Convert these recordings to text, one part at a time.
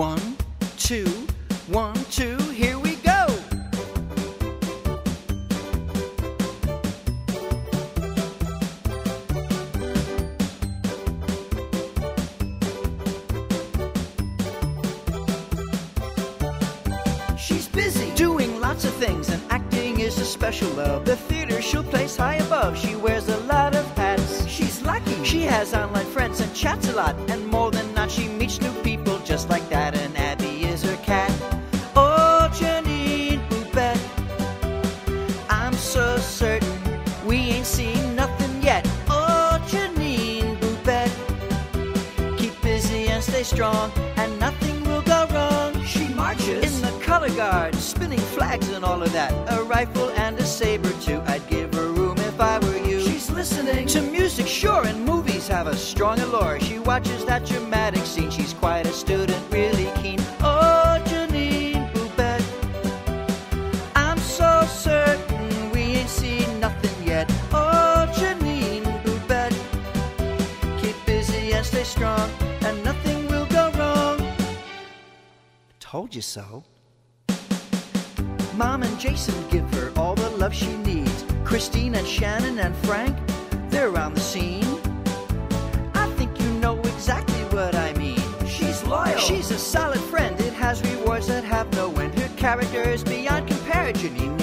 One, two, one, two, here we go. She's busy doing lots of things, and acting is a special love. The theater she'll place high above. She wears a lot of hats. She's lucky. She has online friends and chats a lot. And stay strong, and nothing will go wrong. She marches in the color guard, spinning flags and all of that. A rifle and a saber too. I'd give her room if I were you. She's listening to music, sure, and movies have a strong allure. She watches that dramatic scene. She's quite a student, really. Told you so. Mom and Jason give her all the love she needs. Christine and Shannon and Frank, they're around the scene. I think you know exactly what I mean. She's loyal. She's a solid friend. It has rewards that have no end. Her character is beyond comparison.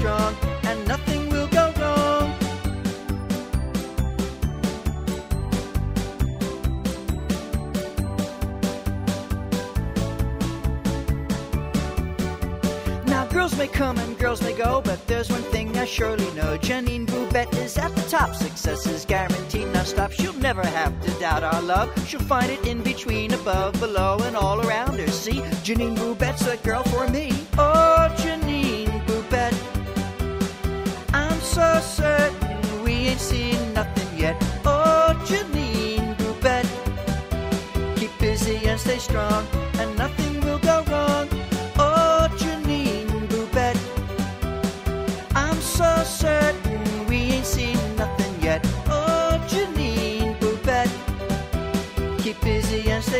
strong, and nothing will go wrong. Now, girls may come and girls may go, but there's one thing I surely know. Janine Boubette is at the top. Success is guaranteed, Now stop. She'll never have to doubt our love. She'll find it in between, above, below, and all around her. See, Janine Boubette's a girl for me. Oh!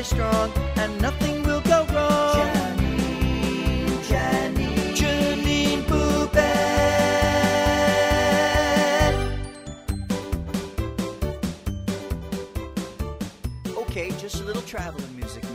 strong and nothing will go wrong. Janine, Janine, Janine Okay, just a little traveling music.